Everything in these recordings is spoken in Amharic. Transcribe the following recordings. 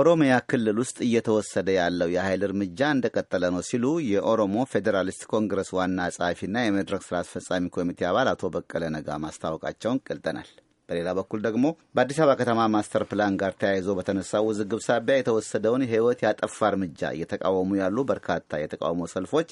ኦሮሚያ ክልል ውስጥ እየተወሰደ ያለው የኃይል እርምጃ እንደቀጠለ ነው ሲሉ የኦሮሞ ፌዴራሊስት ኮንግረስ ዋና ጸሐፊና የመድረክ ስራ አስፈጻሚ ኮሚቴ አባል አቶ በቀለ ነጋ ማስታወቃቸውን ገልጠናል። በሌላ በኩል ደግሞ በአዲስ አበባ ከተማ ማስተር ፕላን ጋር ተያይዞ በተነሳው ውዝግብ ሳቢያ የተወሰደውን ሕይወት ያጠፋ እርምጃ እየተቃወሙ ያሉ በርካታ የተቃውሞ ሰልፎች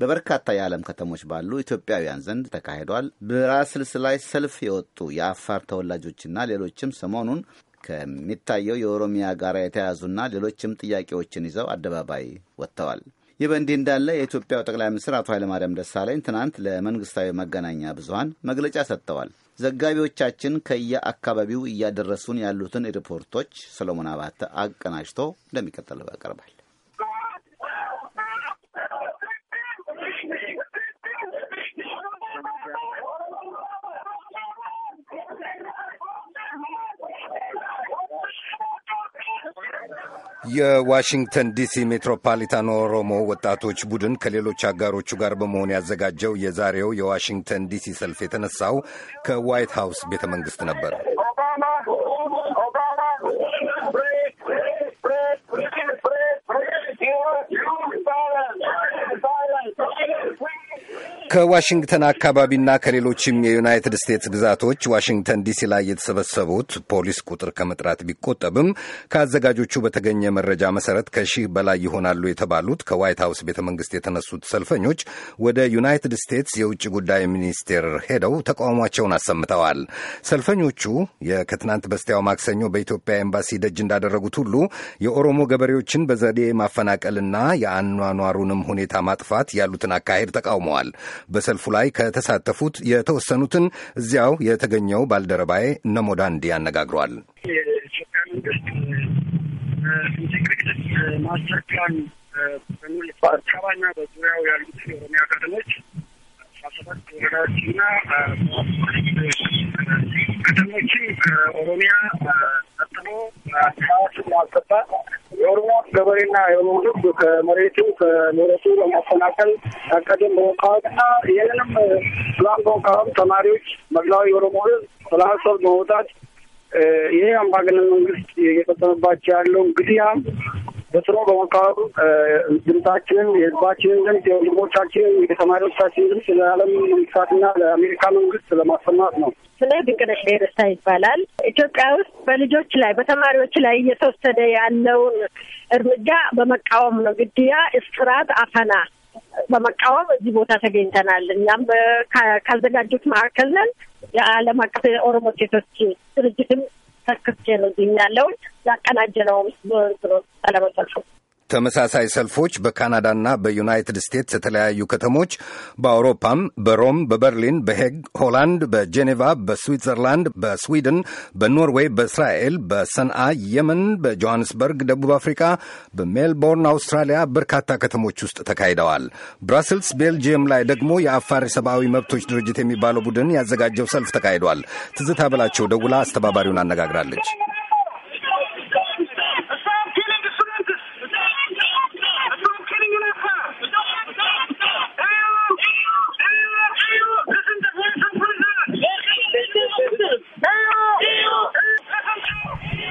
በበርካታ የዓለም ከተሞች ባሉ ኢትዮጵያውያን ዘንድ ተካሂዷል። ብራስልስ ላይ ሰልፍ የወጡ የአፋር ተወላጆችና ሌሎችም ሰሞኑን ከሚታየው የኦሮሚያ ጋር የተያያዙና ሌሎችም ጥያቄዎችን ይዘው አደባባይ ወጥተዋል። ይህ በእንዲህ እንዳለ የኢትዮጵያው ጠቅላይ ሚኒስትር አቶ ኃይለማርያም ደሳለኝ ትናንት ለመንግስታዊ መገናኛ ብዙሀን መግለጫ ሰጥተዋል። ዘጋቢዎቻችን ከየአካባቢው እያደረሱን ያሉትን ሪፖርቶች ሰሎሞን አባተ አቀናጅቶ እንደሚቀጥለው ያቀርባል። የዋሽንግተን ዲሲ ሜትሮፓሊታን ኦሮሞ ወጣቶች ቡድን ከሌሎች አጋሮቹ ጋር በመሆን ያዘጋጀው የዛሬው የዋሽንግተን ዲሲ ሰልፍ የተነሳው ከዋይት ሃውስ ቤተ መንግስት ነበር። ከዋሽንግተን አካባቢና ከሌሎችም የዩናይትድ ስቴትስ ግዛቶች ዋሽንግተን ዲሲ ላይ የተሰበሰቡት ፖሊስ ቁጥር ከመጥራት ቢቆጠብም ከአዘጋጆቹ በተገኘ መረጃ መሰረት ከሺህ በላይ ይሆናሉ የተባሉት ከዋይት ሀውስ ቤተ መንግስት የተነሱት ሰልፈኞች ወደ ዩናይትድ ስቴትስ የውጭ ጉዳይ ሚኒስቴር ሄደው ተቃውሟቸውን አሰምተዋል። ሰልፈኞቹ የከትናንት በስቲያው ማክሰኞ በኢትዮጵያ ኤምባሲ ደጅ እንዳደረጉት ሁሉ የኦሮሞ ገበሬዎችን በዘዴ ማፈናቀልና የአኗኗሩንም ሁኔታ ማጥፋት ያሉትን አካሄድ ተቃውመዋል። በሰልፉ ላይ ከተሳተፉት የተወሰኑትን እዚያው የተገኘው ባልደረባዬ ነሞዳንዲ ያነጋግሯል። የኢትዮጵያ መንግስት ኢንቴግሬትድ ማስተር ፕላን በሚል በዙሪያው ያሉት የኦሮሚያ ከተሞች አስራ ሰባት ወረዳዎችና ከተሞችን ኦሮሚያ ነጥሎ አዲስ አበባ የኦሮሞ ገበሬና የኦሮሞ ሕዝብ ከመሬቱ ከመሬቱ ለማፈናቀል ታቀደም በመቃወምና ይህንንም ፕላን በመቃወም ተማሪዎች፣ መላው የኦሮሞ ሕዝብ ሰላማዊ በመውጣት ይህ አምባገነን መንግስት እየፈጸመባቸው ያለው ግድያም በስሮ በመቃወም ድምጻችንን የህዝባችንን ድምፅ የወንድሞቻችን የተማሪዎቻችን ድምፅ ለዓለም መንግስታትና ለአሜሪካ መንግስት ለማሰማት ነው። ስለ ድንቅነሽ ደስታ ይባላል። ኢትዮጵያ ውስጥ በልጆች ላይ በተማሪዎች ላይ እየተወሰደ ያለውን እርምጃ በመቃወም ነው። ግድያ፣ እስራት፣ አፈና በመቃወም እዚህ ቦታ ተገኝተናል። እኛም ካዘጋጁት መካከል ነን። የዓለም አቀፍ የኦሮሞ ሴቶች ድርጅትም ተክቼ ነው ያለውን ያቀናጀ ነው ለመሰልፉ ተመሳሳይ ሰልፎች በካናዳና በዩናይትድ ስቴትስ የተለያዩ ከተሞች በአውሮፓም በሮም፣ በበርሊን፣ በሄግ፣ ሆላንድ፣ በጄኔቫ፣ በስዊትዘርላንድ፣ በስዊድን፣ በኖርዌይ፣ በእስራኤል፣ በሰንአ የመን፣ በጆሃንስበርግ ደቡብ አፍሪካ፣ በሜልቦርን አውስትራሊያ በርካታ ከተሞች ውስጥ ተካሂደዋል። ብራስልስ ቤልጅየም ላይ ደግሞ የአፋር ሰብአዊ መብቶች ድርጅት የሚባለው ቡድን ያዘጋጀው ሰልፍ ተካሂዷል። ትዝታ በላቸው ደውላ አስተባባሪውን አነጋግራለች።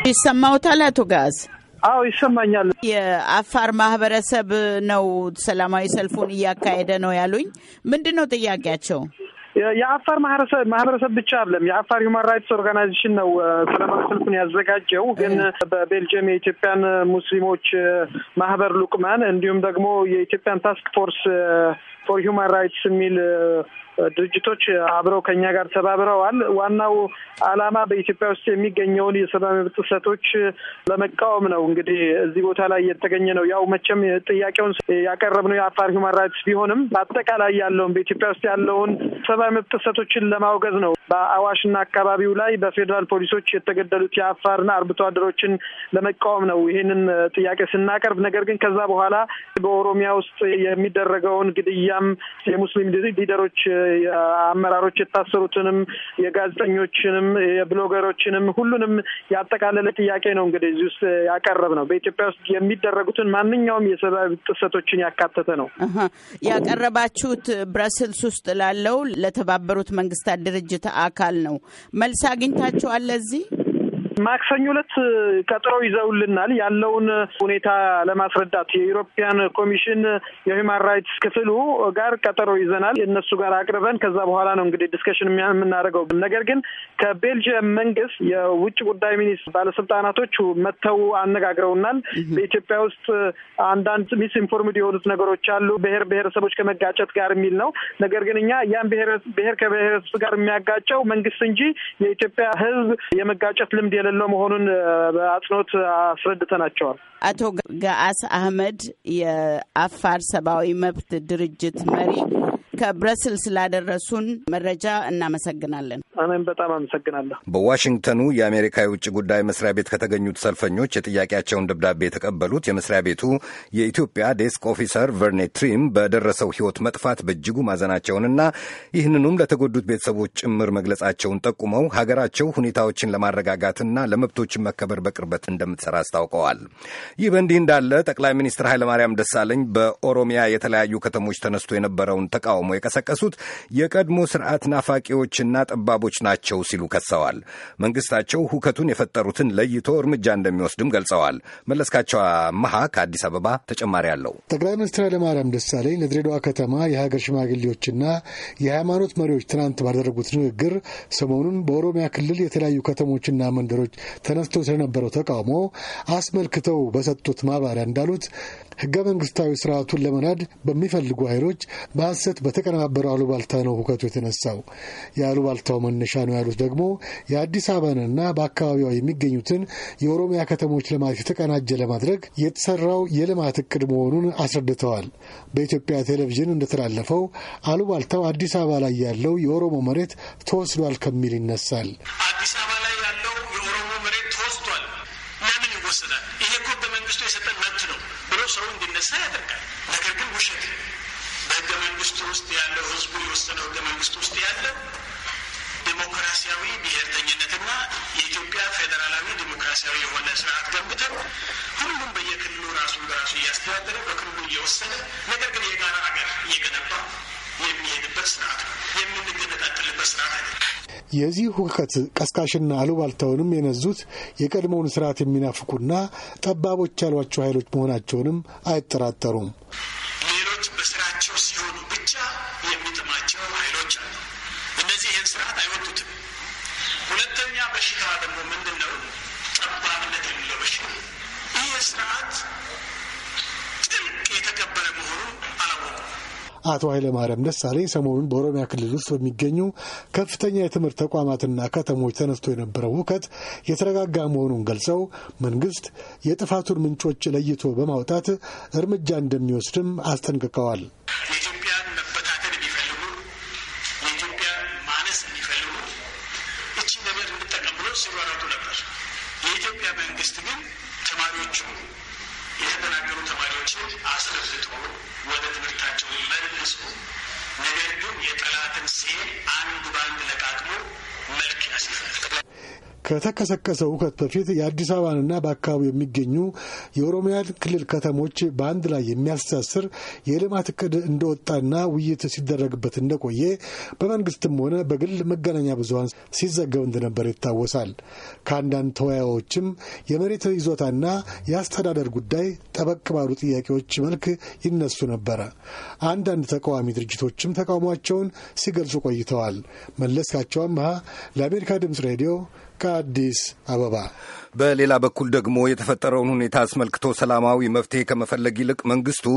ይሰማውታል አቶ ጋዝ? አዎ ይሰማኛል። የአፋር ማህበረሰብ ነው ሰላማዊ ሰልፉን እያካሄደ ነው ያሉኝ። ምንድን ነው ጥያቄያቸው? የአፋር ማህበረሰብ ብቻ አይደለም። የአፋር ሁማን ራይትስ ኦርጋናይዜሽን ነው ሰላማዊ ሰልፉን ያዘጋጀው። ግን በቤልጅየም የኢትዮጵያን ሙስሊሞች ማህበር ሉቅማን እንዲሁም ደግሞ የኢትዮጵያን ታስክ ፎርስ ፎር ሁማን ራይትስ የሚል ድርጅቶች አብረው ከኛ ጋር ተባብረዋል። ዋናው ዓላማ በኢትዮጵያ ውስጥ የሚገኘውን የሰብአዊ መብት ጥሰቶች ለመቃወም ነው። እንግዲህ እዚህ ቦታ ላይ የተገኘ ነው። ያው መቼም ጥያቄውን ያቀረብነው የአፋር ሂውማን ራይትስ ቢሆንም በአጠቃላይ ያለውን በኢትዮጵያ ውስጥ ያለውን ሰብአዊ መብት ጥሰቶችን ለማውገዝ ነው። በአዋሽና አካባቢው ላይ በፌዴራል ፖሊሶች የተገደሉት የአፋርና አርብቶ አደሮችን ለመቃወም ነው ይህንን ጥያቄ ስናቀርብ። ነገር ግን ከዛ በኋላ በኦሮሚያ ውስጥ የሚደረገውን ግድያም የሙስሊም ሊደሮች አመራሮች የታሰሩትንም የጋዜጠኞችንም የብሎገሮችንም ሁሉንም ያጠቃለለ ጥያቄ ነው እንግዲህ እዚህ ውስጥ ያቀረብ ነው። በኢትዮጵያ ውስጥ የሚደረጉትን ማንኛውም የሰብአዊ ጥሰቶችን ያካተተ ነው ያቀረባችሁት። ብረስልስ ውስጥ ላለው ለተባበሩት መንግስታት ድርጅት አካል ነው መልስ አግኝታችኋል ለዚህ ማክሰኞ ዕለት ቀጥሮ ይዘውልናል። ያለውን ሁኔታ ለማስረዳት የኢሮፒያን ኮሚሽን የሂውማን ራይትስ ክፍሉ ጋር ቀጠሮ ይዘናል። እነሱ ጋር አቅርበን ከዛ በኋላ ነው እንግዲህ ዲስከሽን የምናደርገው። ነገር ግን ከቤልጅየም መንግስት የውጭ ጉዳይ ሚኒስትር ባለስልጣናቶች መጥተው አነጋግረውናል። በኢትዮጵያ ውስጥ አንዳንድ ሚስ ኢንፎርምድ የሆኑት ነገሮች አሉ፣ ብሔር ብሔረሰቦች ከመጋጨት ጋር የሚል ነው። ነገር ግን እኛ ያን ብሔር ከብሔረሰብ ጋር የሚያጋጨው መንግስት እንጂ የኢትዮጵያ ሕዝብ የመጋጨት ልምድ የለ የሌለው መሆኑን በአጽንኦት አስረድተናቸዋል። አቶ ገአስ አህመድ የአፋር ሰብአዊ መብት ድርጅት መሪ ከብረስልስ ላደረሱን መረጃ እናመሰግናለን። እኔም በጣም አመሰግናለሁ። በዋሽንግተኑ የአሜሪካ የውጭ ጉዳይ መስሪያ ቤት ከተገኙት ሰልፈኞች የጥያቄያቸውን ደብዳቤ የተቀበሉት የመስሪያ ቤቱ የኢትዮጵያ ዴስክ ኦፊሰር ቨርኔ ትሪም በደረሰው ሕይወት መጥፋት በእጅጉ ማዘናቸውንና ይህንኑም ለተጎዱት ቤተሰቦች ጭምር መግለጻቸውን ጠቁመው ሀገራቸው ሁኔታዎችን ለማረጋጋትና ለመብቶችን መከበር በቅርበት እንደምትሰራ አስታውቀዋል። ይህ በእንዲህ እንዳለ ጠቅላይ ሚኒስትር ኃይለማርያም ደሳለኝ በኦሮሚያ የተለያዩ ከተሞች ተነስቶ የነበረውን ተቃውሞ ተቃውሞ የቀሰቀሱት የቀድሞ ስርዓት ናፋቂዎችና ጠባቦች ናቸው ሲሉ ከሰዋል። መንግስታቸው ሁከቱን የፈጠሩትን ለይቶ እርምጃ እንደሚወስድም ገልጸዋል። መለስካቸው መሃ ከአዲስ አበባ ተጨማሪ አለው። ጠቅላይ ሚኒስትር ኃይለማርያም ደሳለኝ ለድሬዳዋ ከተማ የሀገር ሽማግሌዎችና የሃይማኖት መሪዎች ትናንት ባደረጉት ንግግር ሰሞኑን በኦሮሚያ ክልል የተለያዩ ከተሞችና መንደሮች ተነስቶ ስለነበረው ተቃውሞ አስመልክተው በሰጡት ማብራሪያ እንዳሉት ህገ መንግስታዊ ስርዓቱን ለመናድ በሚፈልጉ ኃይሎች በሐሰት በተቀነባበረ አሉባልታ ነው ሁከቱ የተነሳው። የአሉባልታው መነሻ ነው ያሉት ደግሞ የአዲስ አበባንና በአካባቢዋ የሚገኙትን የኦሮሚያ ከተሞች ልማት የተቀናጀ ለማድረግ የተሰራው የልማት እቅድ መሆኑን አስረድተዋል። በኢትዮጵያ ቴሌቪዥን እንደተላለፈው አሉባልታው አዲስ አበባ ላይ ያለው የኦሮሞ መሬት ተወስዷል ከሚል ይነሳል። ብሔርተኝነትና የኢትዮጵያ ፌዴራላዊ ዲሞክራሲያዊ የሆነ ስርዓት ገንብተን ሁሉም በየክልሉ ራሱን በራሱ እያስተዳደረ በክልሉ እየወሰነ ነገር ግን የጋራ ሀገር እየገነባ የሚሄድበት ስርዓት ነው። የምንገነጣጥልበት ስርዓት አይደለም። የዚህ ሁከት ቀስቃሽና አሉባልታውንም የነዙት የቀድሞውን ስርዓት የሚናፍቁና ጠባቦች ያሏቸው ኃይሎች መሆናቸውንም አይጠራጠሩም። ሌሎች በስራቸው ሲሆኑ ብቻ የሚጥማቸው ኃይሎች አሉ። እነዚህ ይህን ስርዓት አይወዱትም። ሁለተኛ በሽታ ደግሞ ምንድን ነው? ጠባብነት የሚለው በሽታ ይህ ስርዓት ጥልቅ የተከበረ መሆኑን አላወቁም። አቶ ኃይለማርያም ደሳሌ ሰሞኑን በኦሮሚያ ክልል ውስጥ በሚገኙ ከፍተኛ የትምህርት ተቋማትና ከተሞች ተነስቶ የነበረው ሁከት የተረጋጋ መሆኑን ገልጸው መንግስት የጥፋቱን ምንጮች ለይቶ በማውጣት እርምጃ እንደሚወስድም አስጠንቅቀዋል። ከተቀሰቀሰ ውከት በፊት የአዲስ አበባንና በአካባቢው የሚገኙ የኦሮሚያን ክልል ከተሞች በአንድ ላይ የሚያስተሳስር የልማት እቅድ እንደወጣና ውይይት ሲደረግበት እንደቆየ በመንግስትም ሆነ በግል መገናኛ ብዙሀን ሲዘገብ እንደነበር ይታወሳል። ከአንዳንድ ተወያዮችም የመሬት ይዞታና የአስተዳደር ጉዳይ ጠበቅ ባሉ ጥያቄዎች መልክ ይነሱ ነበረ። አንዳንድ ተቃዋሚ ድርጅቶችም ተቃውሟቸውን ሲገልጹ ቆይተዋል። መለስካቸው አምሃ ለአሜሪካ ድምፅ ሬዲዮ ከአዲስ አበባ። በሌላ በኩል ደግሞ የተፈጠረውን ሁኔታ አስመልክቶ ሰላማዊ መፍትሄ ከመፈለግ ይልቅ መንግስቱ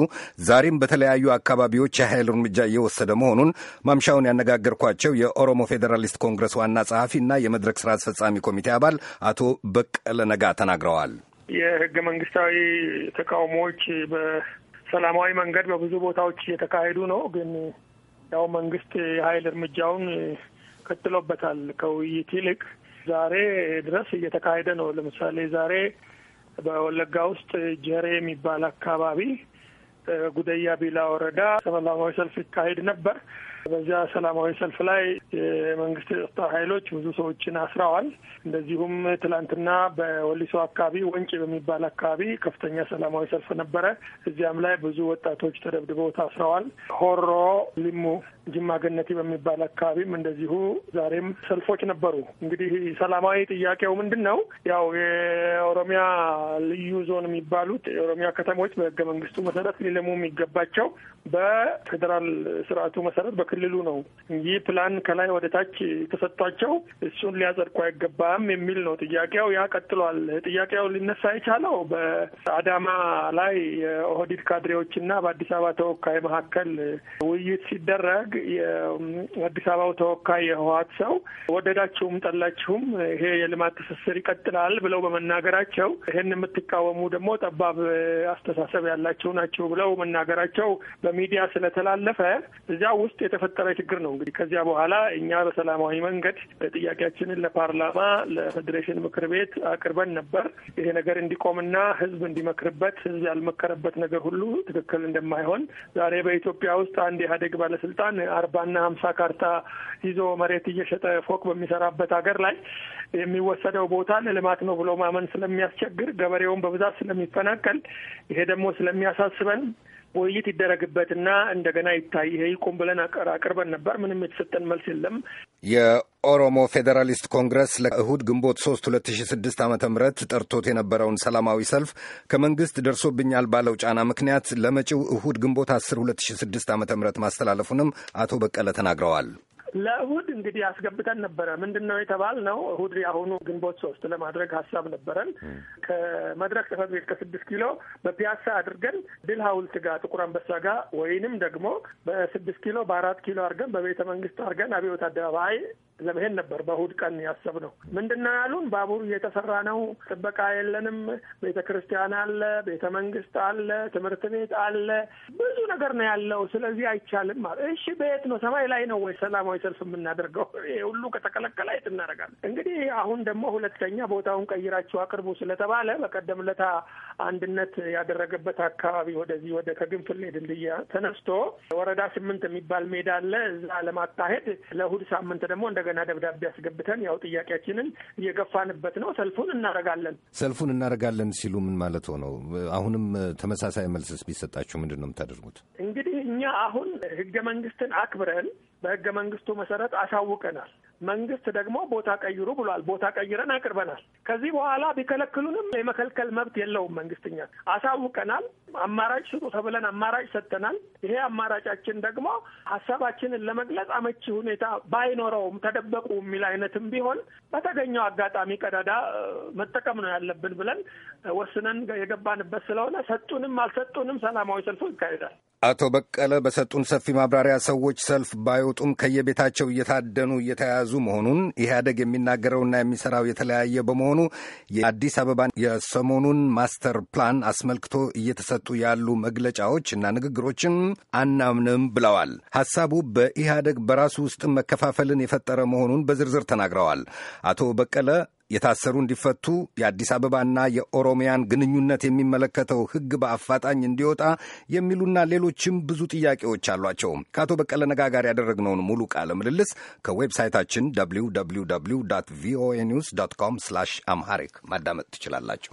ዛሬም በተለያዩ አካባቢዎች የኃይል እርምጃ እየወሰደ መሆኑን ማምሻውን ያነጋገርኳቸው የኦሮሞ ፌዴራሊስት ኮንግረስ ዋና እና የመድረክ ስራ አስፈጻሚ ኮሚቴ አባል አቶ በቀለ ነጋ ተናግረዋል። የህገ መንግስታዊ ተቃውሞዎች በሰላማዊ መንገድ በብዙ ቦታዎች እየተካሄዱ ነው። ግን ያው መንግስት የኃይል እርምጃውን ቀጥሎበታል ከውይይት ይልቅ ዛሬ ድረስ እየተካሄደ ነው። ለምሳሌ ዛሬ በወለጋ ውስጥ ጀሬ የሚባል አካባቢ ጉደያ ቢላ ወረዳ ሰላማዊ ሰልፍ ይካሄድ ነበር። በዚያ ሰላማዊ ሰልፍ ላይ የመንግስት የጸጥታ ኃይሎች ብዙ ሰዎችን አስረዋል። እንደዚሁም ትላንትና በወሊሶ አካባቢ ወንጭ በሚባል አካባቢ ከፍተኛ ሰላማዊ ሰልፍ ነበረ። እዚያም ላይ ብዙ ወጣቶች ተደብድበው ታስረዋል። ሆሮ ሊሙ፣ ጅማ ገነቲ በሚባል አካባቢም እንደዚሁ ዛሬም ሰልፎች ነበሩ። እንግዲህ ሰላማዊ ጥያቄው ምንድን ነው? ያው የኦሮሚያ ልዩ ዞን የሚባሉት የኦሮሚያ ከተሞች በህገ መንግስቱ መሰረት ሊለሙ የሚገባቸው በፌዴራል ስርዓቱ መሰረት ክልሉ ነው። ይህ ፕላን ከላይ ወደ ታች ተሰጥቷቸው እሱን ሊያጸድቁ አይገባም የሚል ነው ጥያቄው። ያ ቀጥሏል። ጥያቄው ሊነሳ የቻለው በአዳማ ላይ የኦህዲድ ካድሬዎችና በአዲስ አበባ ተወካይ መካከል ውይይት ሲደረግ የአዲስ አበባው ተወካይ የህወሓት ሰው ወደዳችሁም ጠላችሁም ይሄ የልማት ትስስር ይቀጥላል ብለው በመናገራቸው ይህን የምትቃወሙ ደግሞ ጠባብ አስተሳሰብ ያላቸው ናቸው ብለው መናገራቸው በሚዲያ ስለተላለፈ እዚያ ውስጥ የተፈጠረ ችግር ነው። እንግዲህ ከዚያ በኋላ እኛ በሰላማዊ መንገድ ጥያቄያችንን ለፓርላማ፣ ለፌዴሬሽን ምክር ቤት አቅርበን ነበር። ይሄ ነገር እንዲቆምና ህዝብ እንዲመክርበት፣ ህዝብ ያልመከረበት ነገር ሁሉ ትክክል እንደማይሆን ዛሬ በኢትዮጵያ ውስጥ አንድ ኢህአዴግ ባለስልጣን አርባና ሀምሳ ካርታ ይዞ መሬት እየሸጠ ፎቅ በሚሰራበት ሀገር ላይ የሚወሰደው ቦታ ለልማት ነው ብሎ ማመን ስለሚያስቸግር ገበሬውን በብዛት ስለሚፈናቀል ይሄ ደግሞ ስለሚያሳስበን ውይይት ይደረግበትና እንደገና ይታይ ይሄ ይቁም ብለን አቅርበን ነበር። ምንም የተሰጠን መልስ የለም። የኦሮሞ ፌዴራሊስት ኮንግረስ ለእሁድ ግንቦት ሶስት ሁለት ሺ ስድስት ጠርቶት የነበረውን ሰላማዊ ሰልፍ ከመንግስት ደርሶብኛል ባለው ጫና ምክንያት ለመጪው እሁድ ግንቦት አስር ሁለት ሺ ስድስት ማስተላለፉንም አቶ በቀለ ተናግረዋል። ለእሁድ እንግዲህ አስገብተን ነበረ። ምንድን ነው የተባል ነው እሁድ የአሁኑ ግንቦት ሶስት ለማድረግ ሀሳብ ነበረን። ከመድረክ ጽሕፈት ቤት ከስድስት ኪሎ በፒያሳ አድርገን ድል ሀውልት ጋር ጥቁር አንበሳ ጋር ወይንም ደግሞ በስድስት ኪሎ በአራት ኪሎ አድርገን በቤተ መንግስት አድርገን አብዮት አደባባይ ለመሄድ ነበር በእሁድ ቀን ያሰብነው። ምንድነው ያሉን፣ ባቡር እየተሰራ ነው፣ ጥበቃ የለንም፣ ቤተ ክርስቲያን አለ፣ ቤተ መንግስት አለ፣ ትምህርት ቤት አለ፣ ብዙ ነገር ነው ያለው። ስለዚህ አይቻልም አሉ። እሺ በየት ነው ሰማይ ላይ ነው ወይ ሰላማዊ ሰልፍ የምናደርገው? ይሄ ሁሉ ከተከለከለ የት እናደርጋለን? እንግዲህ አሁን ደግሞ ሁለተኛ ቦታውን ቀይራችሁ አቅርቡ ስለተባለ በቀደም ለታ አንድነት ያደረገበት አካባቢ ወደዚህ ወደ ከግንፍሌ ድልድያ ተነስቶ ወረዳ ስምንት የሚባል ሜዳ አለ እዛ ለማካሄድ ለእሁድ ሳምንት ደግሞ እንደ እንደገና ደብዳቤ አስገብተን ያው ጥያቄያችንን እየገፋንበት ነው። ሰልፉን እናረጋለን፣ ሰልፉን እናረጋለን ሲሉ ምን ማለት ነው? አሁንም ተመሳሳይ መልስስ ቢሰጣችሁ ምንድን ነው የምታደርጉት? እንግዲህ እኛ አሁን ህገ መንግስትን አክብረን በህገ መንግስቱ መሰረት አሳውቀናል። መንግስት ደግሞ ቦታ ቀይሩ ብሏል። ቦታ ቀይረን አቅርበናል። ከዚህ በኋላ ቢከለክሉንም የመከልከል መብት የለውም መንግስትኛ አሳውቀናል። አማራጭ ስጡ ተብለን አማራጭ ሰጥተናል። ይሄ አማራጫችን ደግሞ ሀሳባችንን ለመግለጽ አመቺ ሁኔታ ባይኖረውም ተደበቁ የሚል አይነትም ቢሆን በተገኘው አጋጣሚ ቀዳዳ መጠቀም ነው ያለብን ብለን ወስነን የገባንበት ስለሆነ ሰጡንም አልሰጡንም ሰላማዊ ሰልፎ ይካሄዳል። አቶ በቀለ በሰጡን ሰፊ ማብራሪያ ሰዎች ሰልፍ ባይወጡም ከየቤታቸው እየታደኑ እየተያያዙ መሆኑን ኢህአደግ የሚናገረውና የሚሰራው የተለያየ በመሆኑ የአዲስ አበባን የሰሞኑን ማስተር ፕላን አስመልክቶ እየተሰጡ ያሉ መግለጫዎች እና ንግግሮችን አናምንም ብለዋል። ሀሳቡ በኢህአደግ በራሱ ውስጥ መከፋፈልን የፈጠረ መሆኑን በዝርዝር ተናግረዋል። አቶ በቀለ የታሰሩ እንዲፈቱ የአዲስ አበባና የኦሮሚያን ግንኙነት የሚመለከተው ሕግ በአፋጣኝ እንዲወጣ የሚሉና ሌሎችም ብዙ ጥያቄዎች አሏቸው። ከአቶ በቀለ ነጋ ጋር ያደረግነውን ሙሉ ቃለ ምልልስ ከዌብሳይታችን www ቪኦኤ ኒውስ ዶት ኮም ስላሽ አምሃሪክ ማዳመጥ ትችላላችሁ።